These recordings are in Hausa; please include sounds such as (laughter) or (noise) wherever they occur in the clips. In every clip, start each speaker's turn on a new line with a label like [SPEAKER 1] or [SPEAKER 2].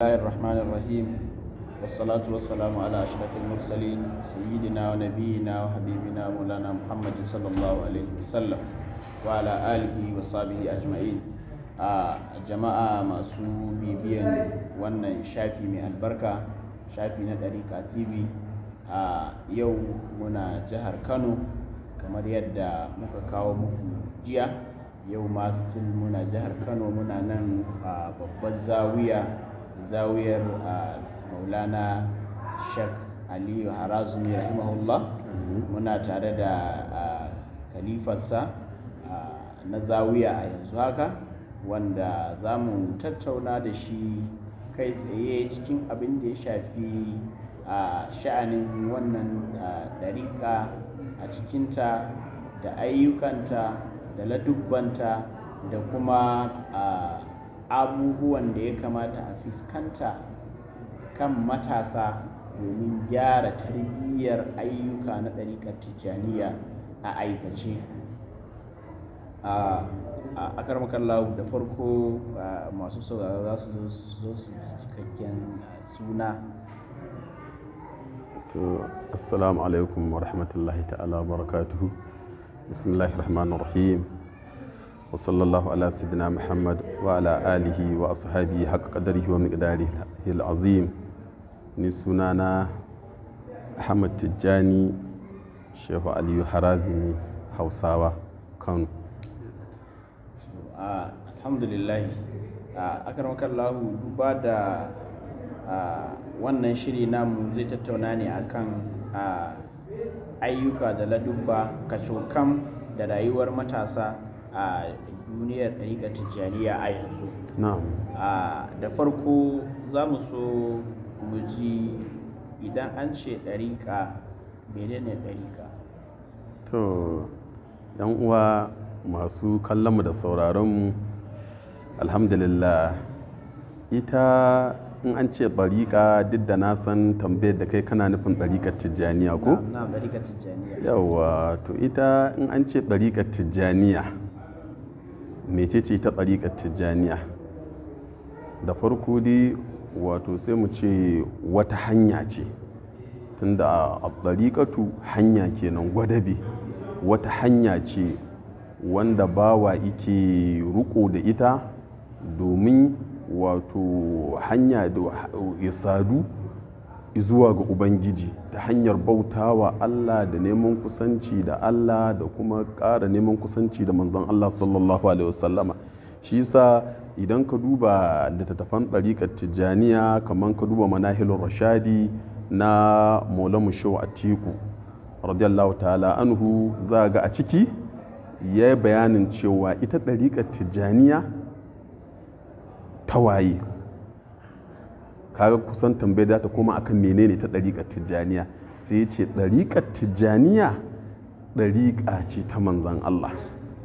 [SPEAKER 1] الله الرحمن الرحيم والصلاة والسلام على أشرف المرسلين سيدنا ونبينا وحبيبنا مولانا محمد صلى الله عليه وسلم وعلى آله وصحبه أجمعين جماعة masu bibiyan wannan shafi mai albarka shafi na ɗarika tv a yau muna jihar kano kamar yadda muka kawo muku jiya yau ma muna jihar kano muna nan a babbar zawiyar maulana shek aliyu harazumi rahimahullah mm-hmm. muna tare da kalifarsa na zawiya a yanzu haka wanda za mu tattauna da shi kai tsaye cikin abin da ya shafi a sha'anin wannan dariƙa a cikinta da ayyukanta da ladubbanta da kuma a abubuwan da ya kamata a fiskanta kan matasa domin gyara tarbiyyar ayyuka na ɗariƙar tijjaniya a aikace a akarmakallahu da farko masu sauraro za su zo su cikakken suna
[SPEAKER 2] to assalamu alaikum wa rahmatullahi ta'ala wa barakatuhu bismillahir rahmanir rahim wa sallallahu ala sayyidina muhammad wa ala alihi wa ashabihi haqqa qadarihi wa miqdarihi al ni sunana ahmad tijjani shehu aliyu harazimi hausawa kano
[SPEAKER 1] a akarmakar lahu duba da wannan shiri mu zai tattauna ne akan ayyuka da ladubba kacokam da rayuwar matasa a duniyar ɗariƙar tijjaniya a yanzu da farko za mu so mu ji idan an ce ɗariƙa menene ɗariƙa
[SPEAKER 2] to yan uwa masu kallonmu da sauraronmu alhamdulillah ita in an ce ɗariƙa duk da na san tambayar da kai kana nufin ɗariƙar tijjaniya ko? na
[SPEAKER 1] ɗariƙar tijjaniya
[SPEAKER 2] yawa to ita in an ce ɗariƙar tijjaniya mecece ta tsarikar tijjaniya da farko dai wato sai mu ce wata hanya ce tunda a tsarikatu hanya kenan gwadabe wata hanya ce wanda bawa ike ruko da ita domin wato hanya da sadu. zuwa ga ubangiji ta hanyar bautawa allah da neman kusanci da allah da kuma ƙara neman kusanci da manzon allah sallallahu alaihi wasallama shi sa idan ka duba littattafan ɗariƙar tijjaniya kamar ka duba manahilun rashadi na maulamu shaw atiku radiyallahu ta'ala anhu za ga a ciki ya yi bayanin cewa ita ɗariƙar tijjaniya ta waye kaga kusan tambayar da ta koma akan menene ta ɗariƙar tijjaniya sai ya ce ɗariƙar tijjaniya ɗariƙa ce ta manzan Allah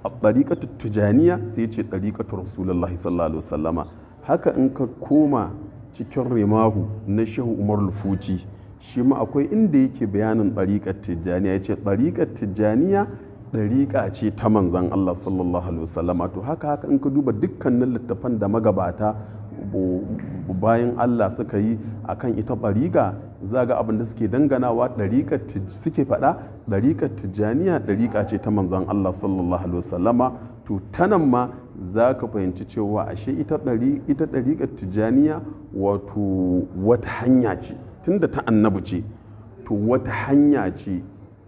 [SPEAKER 2] a ɗariƙatu tijjaniya sai ya ce ɗariƙatu rasulullahi sallallahu alaihi wasallama haka in ka koma cikin rimahu na shehu umar lufuci shi ma akwai inda yake bayanin ɗariƙar tijjaniya ya ce ɗariƙar tijjaniya ɗariƙa ce ta manzan Allah sallallahu alaihi wasallama to haka haka in ka duba dukkanin littafan da magabata bayan Allah suka yi a kan ita ɓariga zaga abin da suke danganawa ɗariƙa suke faɗa ɗariƙar tijjaniya ɗariƙa ce ta manzon Allah sallallahu alaihi wasallama to tanan ma za ka fahimci cewa ashe ita ɗariƙa tijjaniya wato wata hanya ce tun da ta annabu ce to wata hanya ce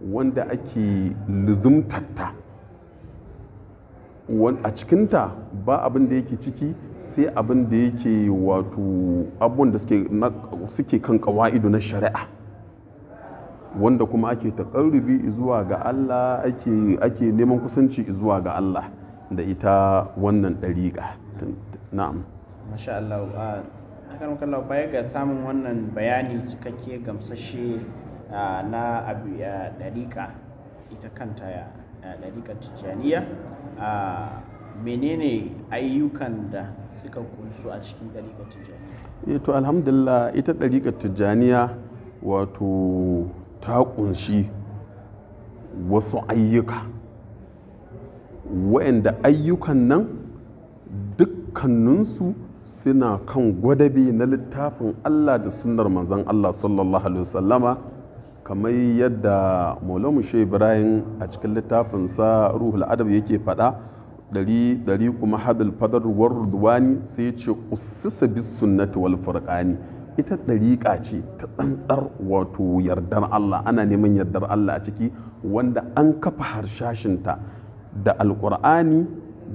[SPEAKER 2] wanda ake luzumtatta a cikinta ba abin da yake ciki sai abin da yake wato abubuwan da suke kan kawa'idu na shari'a wanda kuma ake taƙarrubi zuwa ga Allah ake neman kusanci zuwa ga Allah da ita wannan ɗariƙa na'am
[SPEAKER 1] masha Allah hakan kallau baya ga samun wannan bayani cikakke gamsashe na abu ya ɗariƙa ita kanta ya ɗariƙar tijjaniya a menene ayyukan da suka kunsu a cikin ɗariƙar tijjaniya
[SPEAKER 2] eh to alhamdulillah ita ɗariƙar tijjaniya wato ta kunshi wasu ayyuka wa'anda ayyukan nan dukkaninsu suna kan gwadabe na littafin allah da sunnar manzon allah sallallahu alaihi wasallama kamar yadda maulamu shi ibrahim a cikin littafinsa ruhul adab yake faɗa dari kuma hadal fadar warduwani sai ce usisa bis sunnati wal furqani ita dariƙa ce ta tsantsar wato yardar Allah ana neman yardar Allah a ciki wanda an kafa harshashinta da alƙur'ani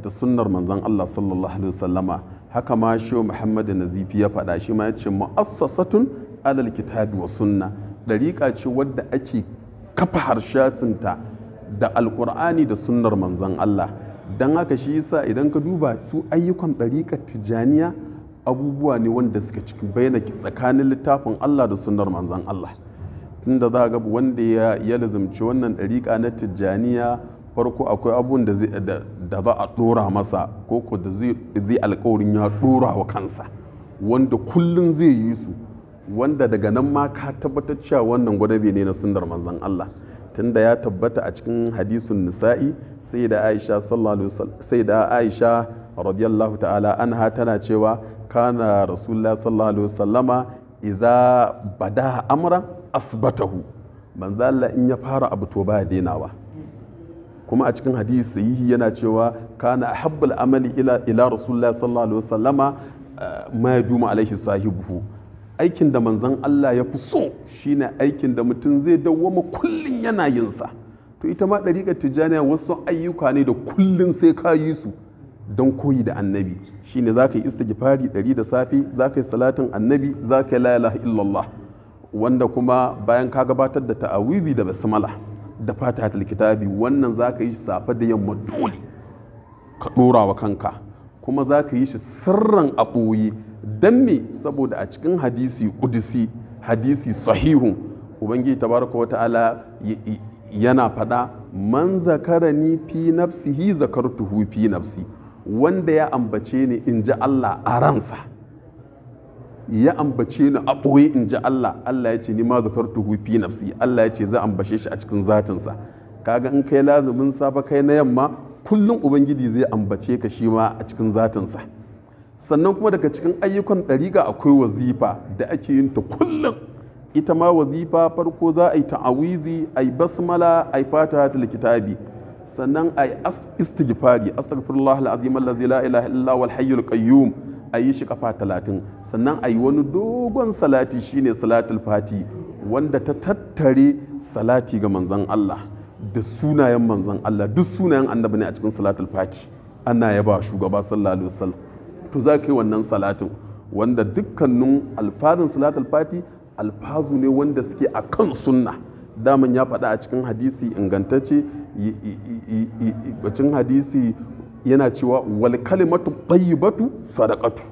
[SPEAKER 2] da sunnar manzon Allah sallallahu alaihi wasallama haka ma shi Muhammad Nazifi ya faɗa shi ma ya ce mu'assasatun alal kitabi wa sunna ɗariƙa ce wadda ake kafa harshatinta da alƙur'ani da sunnar manzan Allah don haka shi yasa idan ka duba su ayyukan ɗariƙar tijjaniya abubuwa ne wanda suka cikin bayyana tsakanin littafin Allah da sunnar manzan Allah tunda za ga wanda ya ya lazimci wannan ɗariƙa na tijjaniya farko akwai abun da za a ɗora masa ko ko da zai alƙawarin ya dora wa kansa wanda kullum zai yi su wanda daga nan ma ka tabbatar cewa wannan gwadabe ne na sunnar manzon Allah tunda ya tabbata a cikin hadisun nisa'i sai da aisha sallallahu sai da aisha radiyallahu ta'ala tana cewa kana rasulullah sallallahu alaihi idza bada amra asbatahu manzo Allah in ya fara abu to ba kuma a cikin hadisi yana cewa kana ahabbul amali ila ila rasulullah sallallahu alaihi wasallama eh, ma yaduma alaihi sahibuhu aikin da manzan Allah ya fi so shine aikin da mutum zai dawwama kullum yana yinsa to ita ma ɗariƙar tijjaniya wasu ayyuka ne da kullum sai ka yi su don koyi da annabi shine za ka yi gifari ɗari da safe za ka yi salatin annabi za ka yi la illallah wanda kuma bayan ka gabatar da ta'awizi da basmala da fatahatul kitabi wannan za ka yi safe da yamma dole ka ɗora wa kanka kuma za ka yi shi sirran a ɓoye dan me saboda a cikin hadisi kudisi hadisi sahihun ubangiji tabaraka wa ta'ala yana faɗa man zakarani fi nafsihi zakartuhu fi nafsi wanda ya ambace ni in ji Allah a ransa ya ambace ni a ɓoye in ji Allah Allah ya ce ni ma zakartuhu fi nafsi Allah ya ce za ambace shi a cikin zatinsa kaga in kai lazumin safa kai na yamma kullum ubangiji zai ambace ka shi ma a cikin zatinsa sannan kuma daga cikin ayyukan ga akwai wazifa da ake yin ta kullum ita ma wazifa farko za a yi ta'awizi a yi basmala a yi fata ta likitabi sannan a yi istighfari astaghfirullah al'azim allazi la ilaha illa wal hayyul a yi shi kafa talatin sannan a yi wani dogon salati shine salatul fati wanda ta tattare salati ga manzon Allah da sunayen manzon Allah duk sunayen annabi ne a cikin salatul fati ana yaba shugaba sallallahu alaihi wasallam to za ka yi wannan salatin wanda dukkanin alfazin salatul fati alfazu ne wanda suke a kan sunna daman ya faɗa a cikin hadisi ingantacce bacin hadisi yana cewa wal kalimatu sadakatu sadaqatu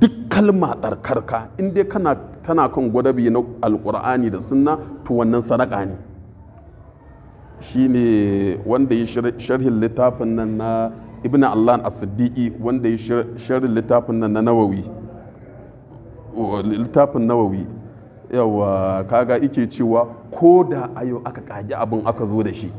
[SPEAKER 2] duk kalma tsarkarka in kana tana kan gwadabi na alkur'ani da sunna to wannan sadaka ne shine wanda ya sharhin littafin nan na ibn allah as-siddiqi wanda ya sharrin littafin nan na nawawi littafin nawawi yawa kaga ike cewa ko da ayo aka kaji abin aka zo da shi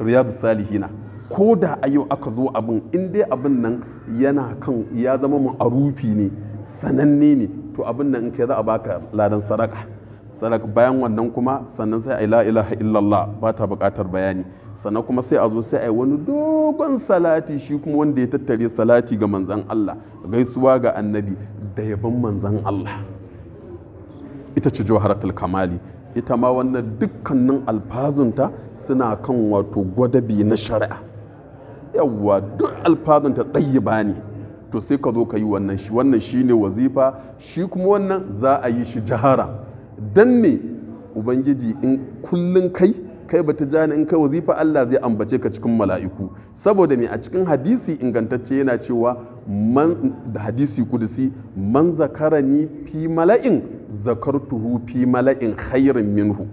[SPEAKER 2] riyadu salihina ko da ayo aka zo abin in dai abin nan yana kan ya zama ma'arufi ne sananne ne to abin nan in kai za a baka ladan sadaka sadak bayan wannan kuma sannan sai a la ilaha illallah ba ta buƙatar bayani sannan kuma sai a zo sai a yi wani dogon salati shi kuma wanda ya tattare salati ga manzan Allah gaisuwa ga annabi da yabon manzan Allah ita ce jawharatul kamali ita ma wannan dukkanin alfazunta suna kan wato gwadabi na shari'a yawwa duk alfazunta ba ne to sai ka zo ka yi wannan shi wannan ne wazifa shi kuma wannan za a yi shi jahara dan me ubangiji in kullun kai kai bata jani in kai wazifa Allah zai ambace ka cikin mala'iku saboda me a cikin hadisi ingantacce yana cewa da hadisi kudusi man zakarani fi mala'in zakartuhu fi mala'in khairin minhu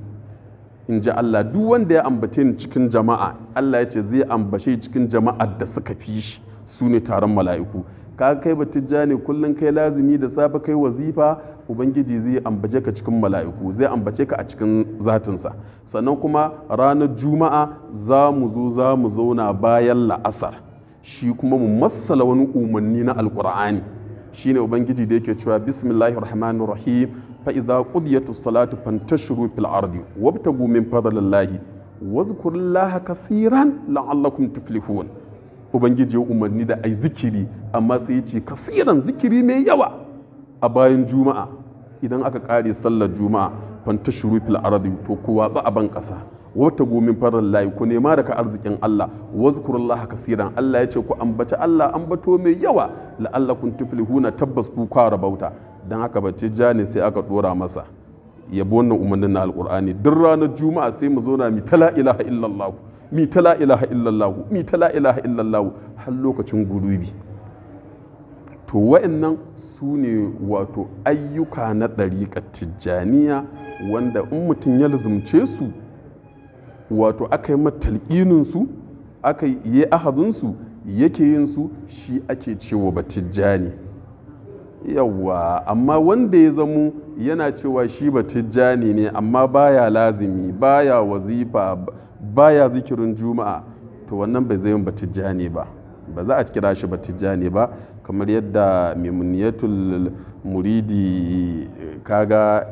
[SPEAKER 2] in ji Allah duk wanda ya ambace ni cikin jama'a Allah ya ce zai ambace cikin jama'a da suka fi shi su ne taron mala'iku ka kai ba tijjani kullum kai lazimi da safe kai wazifa ubangiji zai ambace ka cikin mala'iku zai ambace ka a cikin zatinsa sannan kuma ranar juma'a za mu zo za mu zauna bayan la'asar shi kuma mu matsala wani umarni na alkur'ani shine ubangiji da yake cewa bismillahir rahmanir rahim fa idza qudiyatus salatu fantashiru fil ardi wabtagu min fadlillahi wazkurullaha kaseeran la'allakum tuflihun ubangiji ya umarni da ai zikiri amma sai ya ce kasiran zikiri mai yawa a bayan juma'a idan aka kare sallar juma'a fanta shuru fil ardi to kowa ba a ban kasa wata gomin farar layi ku nema daga arzikin Allah wazkurullah kasiran Allah ya ce ku ambaci Allah ambato mai yawa la'allakum tuflihuna tabbas ku kwara bauta dan haka bace jani sai aka dora masa yabo wannan umarnin na alqur'ani duk ranar juma'a sai mu zo na mi tala ilaha illallah mi ta la ilaha illallahu mi ta la ilaha illallahu har lokacin gurubi. to wa'annan su ne wato ayyuka na ɗariƙar tijjaniya wanda in mutum ya lazumce su wato aka yi matalƙininsu aka yi ahazinsu yake yin su shi ake cewa ba tijjani yawwa amma wanda ya zamo yana cewa shi ba tijjani ne amma baya lazimi baya wazifa baya zikirin juma'a to wannan bai zai yin ne ba ba za a kira shi ne ba kamar yadda mimuniyatul muridi kaga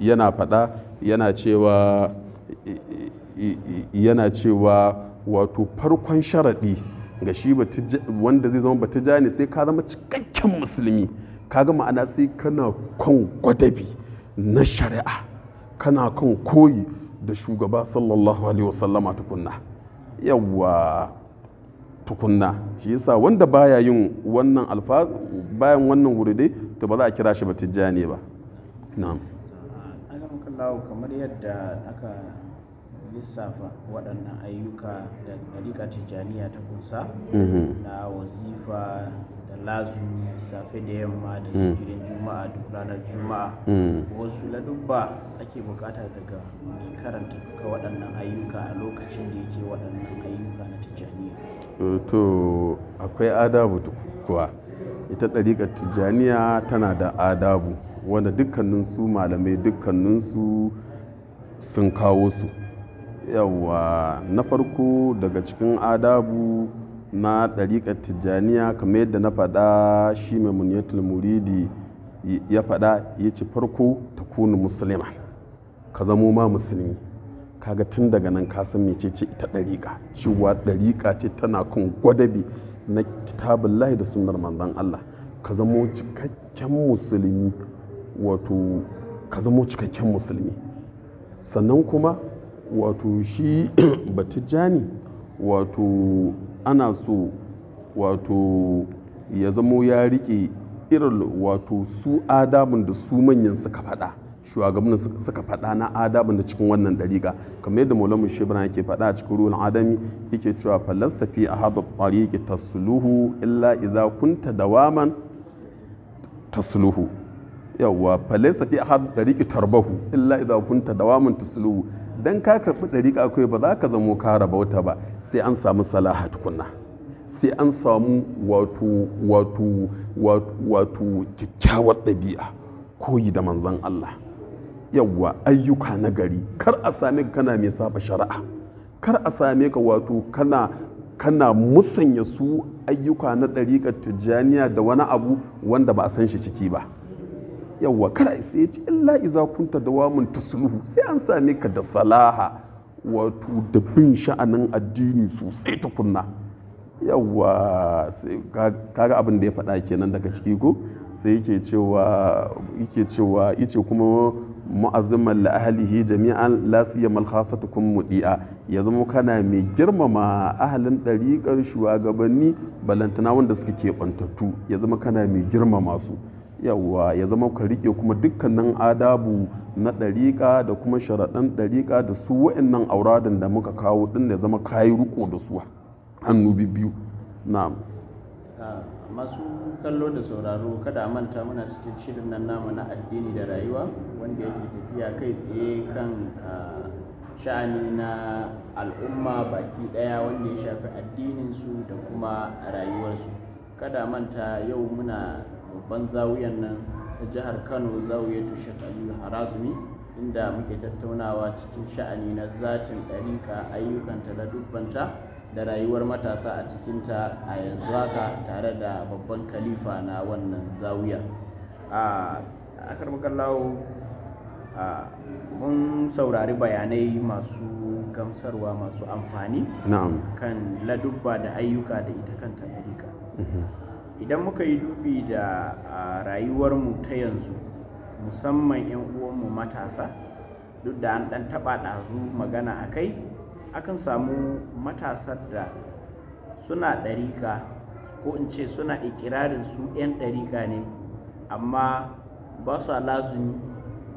[SPEAKER 2] yana faɗa yana cewa yana cewa wato farkon sharaɗi ga shi wanda zai zama ne, sai ka zama cikakken musulmi kaga ma'ana sai kana kan gwadabi na shari'a kana kan koyi da shugaba sallallahu alaihi wasallama tukunna yawa tukunna shi yasa wanda baya yin wannan alfa bayan wannan wuride to ba za a kira shi ba tijjani ba na'am
[SPEAKER 1] alhamdulillah kamar yadda aka lissafa waɗannan ayyuka da ɗariƙa tijjaniya ta kunsa mhm. na wazifa lazumi safe da yamma da mm. zikirin juma'a duk ranar juma'a mm. wasu ladubba ake bukata daga mai karanta duka waɗannan ayyuka a lokacin da yake waɗannan ayyuka na tijjaniya
[SPEAKER 2] eh to akwai adabu kuwa ita ɗariƙar tijjaniya tana da adabu wanda dukkaninsu malamai dukkaninsu sun kawo su yawwa na farko daga cikin adabu na ɗariƙar tijjaniya kamar yadda na faɗa shi mai muniyatul muridi ya faɗa ya ce farko ta kunu musulma ka zamo ma musulmi kaga tun daga nan ka san mece ce ita ɗariƙa cewa ɗariƙa ce tana kan gwadabi na kitabun lahi da sunnar manzon Allah ka zamo cikakken musulmi wato ka zamo cikakken musulmi sannan kuma wato shi (clears throat) batijjani wato ana so wato ya zamo ya rike irin wato su adamun da su manyan suka faɗa shugabannin suka faɗa na adamun da cikin wannan dariga kamar yadda maulamin shebra yake faɗa a cikin ruwan adami yake cewa falastafi a haɗa ke tasluhu illa idza kunta dawaman tasluhu yawwa falaisa fi ahad dariki tarbahu illa idza kunta dawamun tusluhu dan ka karbi dariqa akwai ba za ka zamo ka wata ba sai an samu salahat kunna sai an samu wato wato wato kyakkyawar ɗabi'a koyi da manzon Allah yawwa ayyuka na gari kar a same ka kana mai saba shari'a kar a same ka wato kana kana musanya su ayyuka na ɗariƙar tijjaniya da wani abu wanda ba a san shi ciki ba yawwa kada sai ya ce illa iza kunta dawamun tasluhu sai an same ka da salaha wato da bin sha'anin addini sosai kunna. yawwa kaga abin da ya faɗa kenan daga ciki ko sai yake cewa yake cewa yace kuma mu'azziman la ahlihi jami'an la siyama khasatukum mudi'a ya zama kana mai girmama ahalin dariƙar shugabanni balantana wanda suke keɓantattu ya zama kana mai girmama su yawwa ya zama ka riƙe kuma dukkanin adabu na ɗariƙa da kuma sharaɗan ɗariƙa da su wa'annan auradin da muka kawo ɗin da zama kayi riko da su hannu biyu na ah,
[SPEAKER 1] masu kallo da sauraro kada a manta muna cikin shirin nan namu na addini da rayuwa wanda yake tafiya kai tsaye kan ah, sha'ani na al'umma baki ɗaya wanda ya shafi addinin su da kuma rayuwarsu kada manta yau muna babban zawiyan nan ta jihar kano zawiyatu shek aliyu harazumi inda muke tattaunawa cikin sha'ani na zatin ɗarika ayyukanta da dubbanta da rayuwar matasa a cikinta a yanzu haka tare da babban kalifa na wannan zawiya a karmakallawo mun saurari bayanai masu gamsarwa masu amfani kan ladubba da ayyuka da ita kanta ɗarika mhm. idan muka yi dubi da rayuwarmu ta yanzu musamman 'yan uwanmu matasa duk da an ɗan taɓa ɗazu magana a kai akan samu matasar da suna ɗarika ko in ce suna ikirarin su 'yan ɗarika ne amma ba su lazumi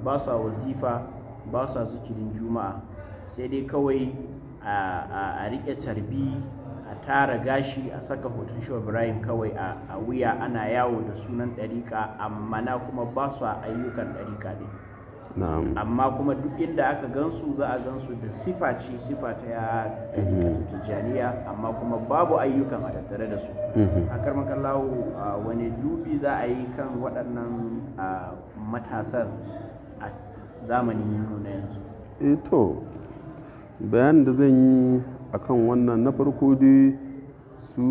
[SPEAKER 1] ba su wazifa ba su zikirin juma'a sai dai kawai a riƙe tarbi tara gashi a saka hoton shi ibrahim kawai a wuya ana yawo da sunan ɗarika amma na kuma ba su a ayyukan ɗarika ne amma kuma duk inda aka gansu za a gansu da sifa ce sifa ta ya mhm. tijjaniya amma kuma babu ayyukan a tattare da su mhm. a karmakallahu wani dubi za a yi kan waɗannan matasan a zamanin nuna yanzu
[SPEAKER 2] eh to bayan da zan yi akan wannan na farko dai su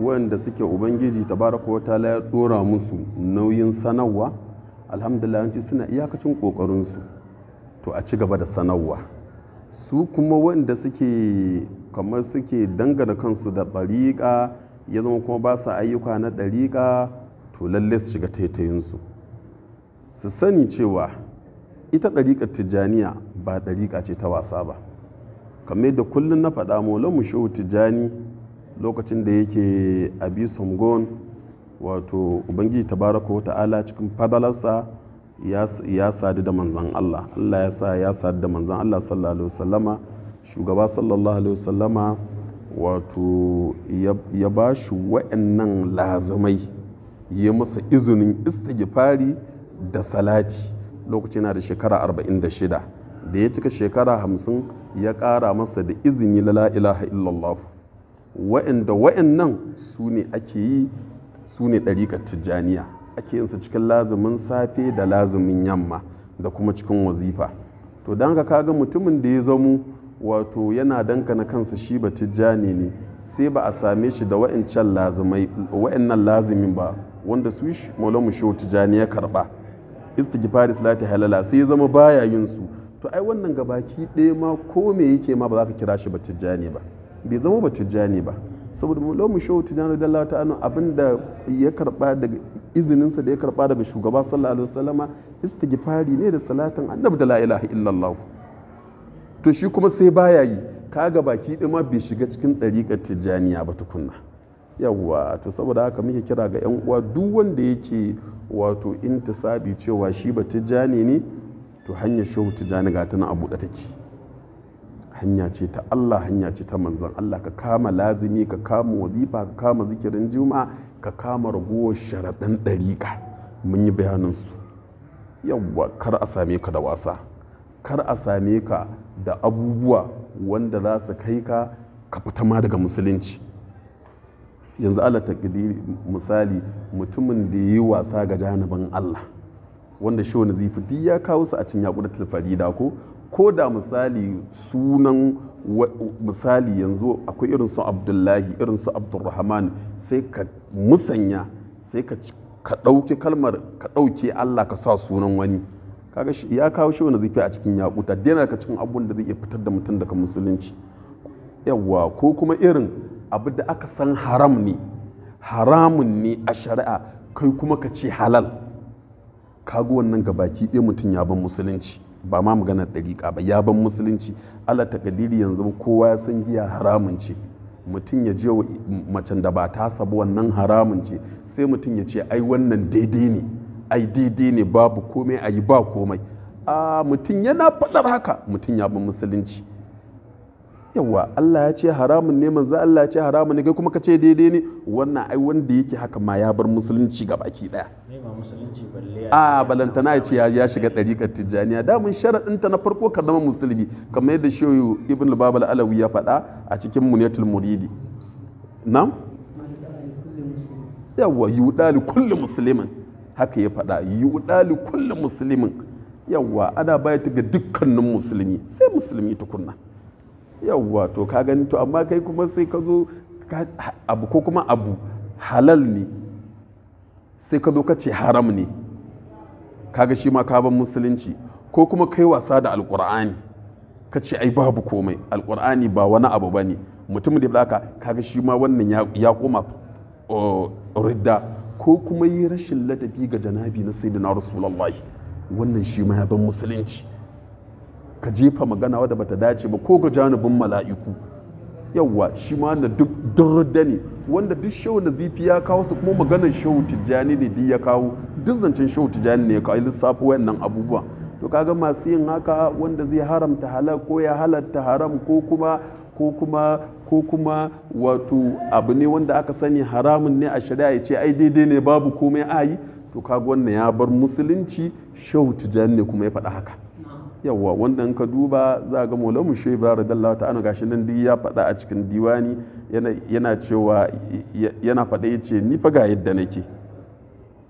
[SPEAKER 2] wanda suke ubangiji tabaraka wata ta'ala ya dora musu nauyin sanarwa alhamdulillah yanci suna iyakacin kokarinsu to a ci gaba da sanarwa su kuma wanda suke kamar suke dangana kansu da ɗariƙa ya zama kuma ba su ayyuka na ɗariƙa to lalle su shiga taitayinsu su sani cewa ita ɗariƙar tijjaniya ba ɗariƙa ce ta wasa ba kamar da kullum na faɗa molan mu shehu tijjani lokacin da yake abi samgon wato ubangiji tabaraka wa ta'ala cikin fadalarsa ya sadu da manzan Allah Allah ya sa ya sadu da manzan Allah sallallahu alaihi wasallama shugaba sallallahu alaihi wasallama wato ya ba shi wa'annan lazumai ya masa izinin istighfari da salati lokacin na da shekara 46 da ya cika shekara 50 ya ƙara masa da izini la ilaha illallah wa'anda wa'annan su ne ake yi su ne ɗarikar tijjaniya ake yinsa cikin lazumin safe da lazumin yamma da kuma cikin wazifa to don ka kaga mutumin da ya zamo wato yana dankana kansa shi ba tijjani ne sai ba a same shi da wa'in wa'annan lazumin ba wanda su shi mu tijjani ya karba istighfar salati halala sai ya zama baya yin su to ai wannan gabaki ɗaya ma ko me yake ma ba za ka kira shi ba tijjani ba bai zama ba tijjani ba saboda mu shehu tijjani da Allah ta'ala abinda ya karba daga izininsa da ya karba daga shugaba sallallahu alaihi wasallama istighfari ne da salatin annabi da la ilaha illallah to shi kuma sai baya yi kaga baki ɗaya ma bai shiga cikin ɗariƙar tijjaniya ba tukunna yawwa to saboda haka muke kira ga yan uwa duk wanda yake wato intisabi cewa shi ba tijjani ne to hanyar shehu tijjani ga tana abu buɗe take hanya ce ta Allah hanya ce ta manzan Allah ka kama lazimi ka kama wazifa ka kama zikirin juma ka kama ragowar sharaɗin ɗariƙa mun yi bayanin yawwa kar a same ka da wasa kar a same ka da abubuwa wanda za su kai ka ka fita ma daga musulunci yanzu Allah ta misali mutumin da ya yi wasa ga janibin Allah wanda wani zifi duk ya kawo su a cikin tilfari da ko ko da misali sunan misali yanzu akwai irin su abdullahi irin su abdurrahman sai ka musanya sai ka ka kalmar ka ɗauke allah ka sa sunan wani kaga ya kawo shi wani zifi a cikin yakuta daina ka cikin abun da zai iya fitar da mutum daga musulunci yawwa ko kuma irin abu da aka san haram ne haramun ne a shari'a kai kuma ka ce halal kago wannan gabaki ɗaya mutum ya ban musulunci ba ma maganar ɗariƙa ba ya ban musulunci ala takadiri yanzu kowa ya san giya haramun ce mutum ya je macen da ba ta sabu wannan haramun ce sai mutum ya ce ai wannan daidai ne ai daidai ne babu komai ayi ba komai a mutum yana faɗar haka mutum ya ban musulunci yawa Allah ya ce haramun ne manzo Allah ya ce haramun ne kai kuma ka ce daidai ne wannan ai wanda yake haka ma ya bar musulunci ga baki daya a balantana ya ce ya shiga ɗariƙar tijjaniya damun ta na farko ka zama musulmi kamar yadda shoyu ibn lubabal alawi ya faɗa a cikin munyatul muridi na yawa yuɗali kulli musulmin haka ya faɗa yuɗali kulli musulmin yawa ana bayata ga dukkanin musulmi sai musulmi tukunna yawwa to ka gani to amma kai kuma sai ka zo abu ko kuma abu halal ne sai ka zo ka ce haram ne kaga shi ma kaban musulunci ko kuma kai wasa da alkur'ani ka ce ai babu komai alkur'ani ba wani abu ba ne mutum da baka kaga shi ma wannan ya koma uh, ridda ko kuma yi rashin ladabi ga janabi na sayyidina rasulullahi wannan shi ma ya ban musulunci ka jefa magana wadda bata dace ba ko ga janibin mala'iku yawwa shi ma na duk durda ne wanda duk shehu na zifi ya kawo su kuma maganar shau tijjani ne duk ya kawo duk zancen shau tijjani ne ya kawo lissafi wayannan abubuwa to kaga masu yin haka wanda zai haramta halal ko ya halatta haram ko kuma ko kuma ko kuma wato abu ne wanda aka sani haramun ne a shari'a ya ce ai daidai ne babu komai ayi to kaga wannan ya bar musulunci shau tijjani ne kuma ya faɗa haka Yawwa wanda ka duba za ga mola mu shi bara da ta gashi nan duk ya faɗa a cikin diwani yana cewa yana faɗa yace ni fa ga yadda nake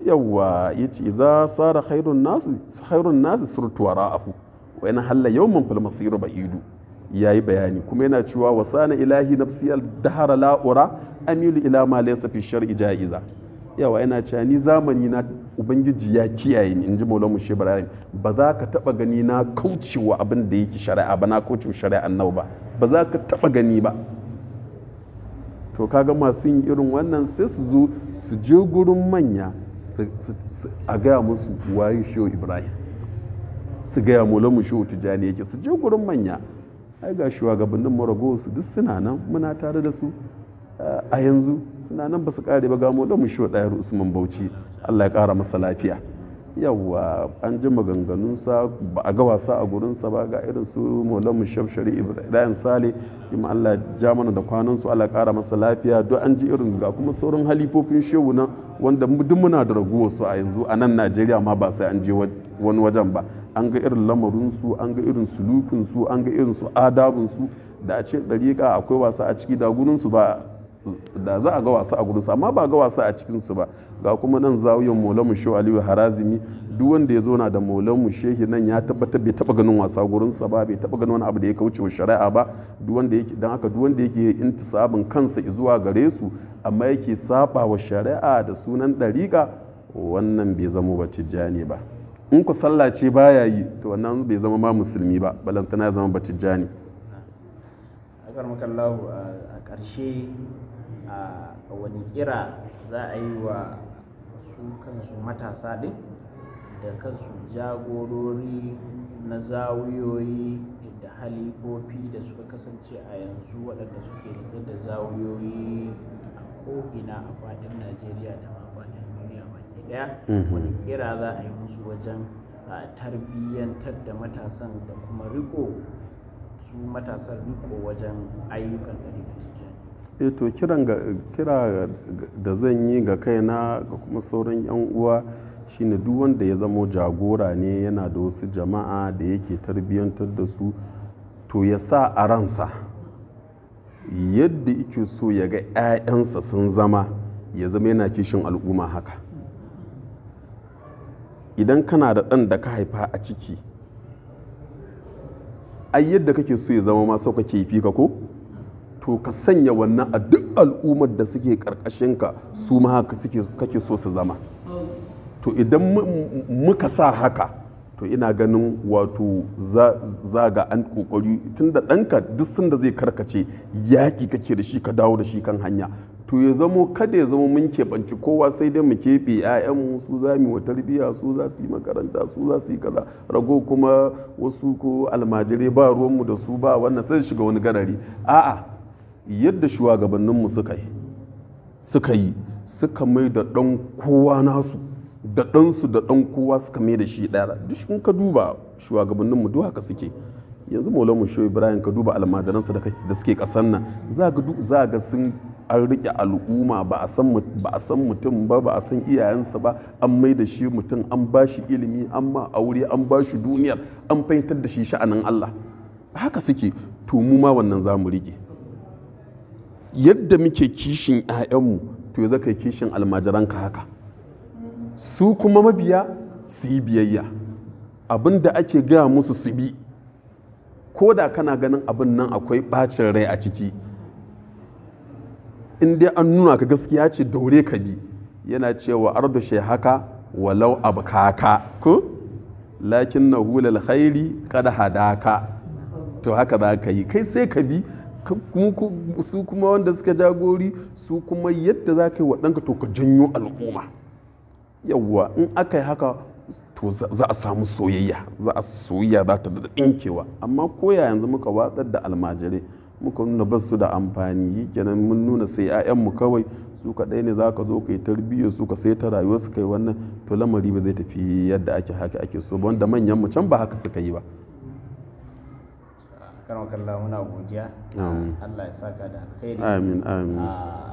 [SPEAKER 2] yawwa yace iza sara khairun nasu khairun nasu surtu ra'afu wa yana halla yawman fil masir ba'idu yayi bayani kuma yana cewa wasana ilahi nafsi al dahara la'ura amilu ila ma laysa fi shar'i ja'iza yawa yana cewa ni zamani na ubangiji ya kiyaye ni in ji ibrahim ba za ka taba gani na kaucewa abin da yake shari'a ba na kaucewa shari'a annabi ba ba za ka taba gani ba to kaga masu yin irin wannan sai su zo su je gurin manya a gaya musu waye shehu ibrahim su gaya maulan mushe tijjani yake su je gurin manya ai ga shugabannin marago duk suna nan muna tare da su a yanzu suna nan ba su kare ba gamo da musho ɗayar usman bauchi allah ya ƙara masa lafiya yawwa an ji maganganunsa ba a ga wasa a gurinsa ba ga irin su maulamu shafshari ibrahim sale ima allah ja mana da kwanansu allah ƙara masa lafiya duk an ji irin ga kuma sauran halifofin shehu na wanda duk muna da raguwarsu a yanzu a nan najeriya ma ba sai an je wani wajen ba an ga irin lamarinsu an ga irin sulukinsu an ga irin su adabinsu da a ce dariƙa akwai wasa a ciki da gurinsu ba da za a ga wasa a gurinsu amma ba ga wasa a cikinsu ba ga kuma nan zawiyan molan mu shehu aliyu harazimi duk wanda ya zo na da molan mu shehi nan ya tabbatar bai taba ganin wasa gurinsa ba bai taba ganin wani abu da ya kauce wa shari'a ba duk wanda yake dan haka duk wanda yake intisabin kansa zuwa gare su amma yake saba wa shari'a da sunan dariƙa wannan bai zama ba tijjani ba in ku sallah ce baya yi to wannan bai zama ma musulmi ba balantana ya zama ba tijjani
[SPEAKER 1] a ƙarshe a wani kira za a yi wa su kansu matasa din da kansu jagorori na zawiyoyi da halifofi da suka kasance a yanzu waɗanda suke rike da zawiyoyi a ko'ina a faɗin najeriya da a faɗin duniya baki ɗaya mhm. wani kira za a yi musu wajen tarbiyyantar da matasan da kuma riko su matasan riko wajen ayyukan da
[SPEAKER 2] Eh to kira da zan yi ga kaina ga kuma sauran 'yan uwa shine duk wanda ya zamo jagora ne yana da wasu jama'a da yake tarbiyyantar da su to ya sa a ransa yadda ike so ya ga 'ya'yansa sun zama ya zama yana kishin al'umma haka idan kana da ɗan da ka haifa a ciki ai yadda kake so ya zama ma ke fi ka ko? to ka sanya wannan a duk al'ummar da suke ka su ma haka kake so su zama to idan muka sa haka to ina ganin wato za ga an kokari tunda ɗanka duk sanda zai karkace yaƙi kake da shi ka dawo da shi kan hanya to ya zamo kada ya zamo mun keɓanci kowa sai dai mu keɓe 'ya'yanmu su za mu wa tarbiyya su za su yi makaranta su za su yi kaza rago kuma wasu ko almajirai ba ruwanmu da su ba wannan sai shiga wani garari a'a yadda shugabanninmu suka yi suka yi suka mai da ɗan kowa nasu da ɗansu da ɗan kowa suka mai da shi ɗaya duk in ka duba shugabanninmu duk haka suke yanzu maulamu shoyi ibrahim ka duba almajiransa da suke ƙasar nan za ga duk za ga sun an rike al'umma ba a san mutum ba ba a san iyayensa ba an mai da shi mutum an ba shi ilimi an ma aure an ba shi duniyar an fahimtar da shi sha'anin allah haka suke to mu ma wannan za mu riƙe yadda muke kishin 'ya'yanmu to za ka yi kishin almajiranka haka su kuma mabiya su yi biyayya abin da ake gaya musu su bi ko da kana ganin abin nan akwai ɓacin rai a ciki in dai an nuna ka gaskiya ce daure ka bi yana cewa ardushe haka walau abkaka ko lakin na hulal kada hadaka to haka za ka yi kai sai ka bi su kuma wanda suka jagori su kuma yadda za ka yi waɗanka to ka janyo al'umma yawwa in aka yi haka to za a samu soyayya za a soyayya za ta da ɗinkewa amma koya yanzu muka watsar da almajirai muka nuna ba su da amfani kenan mun nuna sai mu kawai su ɗaya ne za ka zo ka yi tarbiyya su ka sai ta rayuwa su kai wannan to lamari ba zai tafi yadda ake haka ake so ba wanda manyan mu can ba haka suka yi ba
[SPEAKER 1] karon kalla muna godiya Allah ya saka da alkhairi amin amin ah, ah,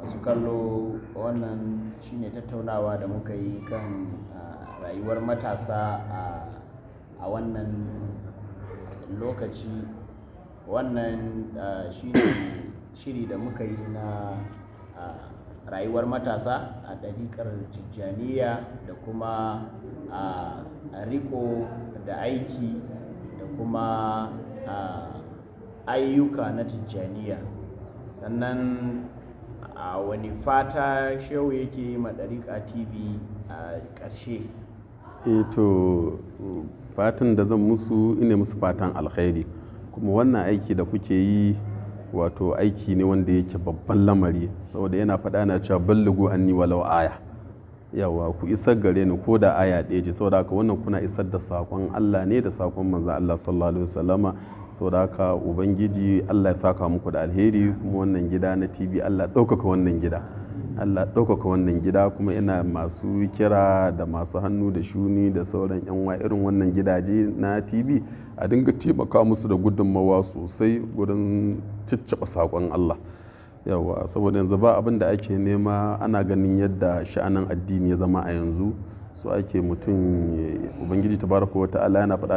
[SPEAKER 1] masu kallo wannan shine tattaunawa da muka yi kan ah, rayuwar matasa a wannan lokaci wannan shine (coughs) shiri da muka yi na rayuwar matasa a ɗariƙar tijjaniya da kuma a riko da aiki da kuma ayyuka na tijjaniya sannan a wani fata shehu yake madarika tv a ƙarshe
[SPEAKER 2] eh to fatan da zan musu ina musu fatan alkhairi kuma wannan aiki da kuke yi wato aiki ne wanda yake babban lamari saboda yana faɗa na cewa ballugu anni walau aya yawa ku isar gare ni ko da aya ɗaya ce saboda haka wannan kuna isar da sakon Allah ne da sakon manzon Allah sallallahu alaihi wasallama saboda haka ubangiji Allah ya saka muku da alheri kuma wannan gida na TV Allah ɗaukaka wannan gida Allah ɗaukaka wannan gida kuma ina masu kira da masu hannu da shuni da sauran yan irin wannan gidaje na TV a dinga taimaka musu da gudunmawa sosai gurin ciccaba sakon Allah yawa saboda yanzu ba abin da ake nema ana ganin yadda sha'anin addini ya zama a yanzu so ake mutum ubangiji tabaraka wa ta'ala yana faɗa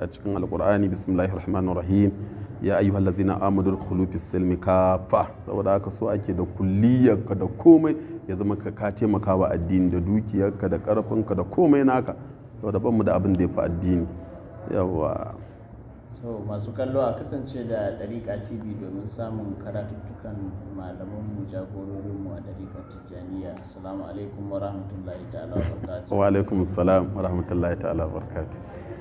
[SPEAKER 2] a cikin alkur'ani bismillahir rahmanir rahim ya ayyuha allazina amadu dkhulu fis silmi kafa saboda haka so ake da kulliyar ka da komai ya zama ka ka taimaka wa addini da dukiyarka da ka da komai naka saboda ban mu da abin da ya fi addini yawa
[SPEAKER 1] to masu kallo a kasance da ɗariƙa tv domin samun karatuttukan malamanmu jagororinmu a ɗariƙa tijjaniya assalamu alaikum wa rahmatullahi ta'ala wa barakatuh wa
[SPEAKER 2] alaikum assalam wa rahmatullahi ta'ala wa barakatuh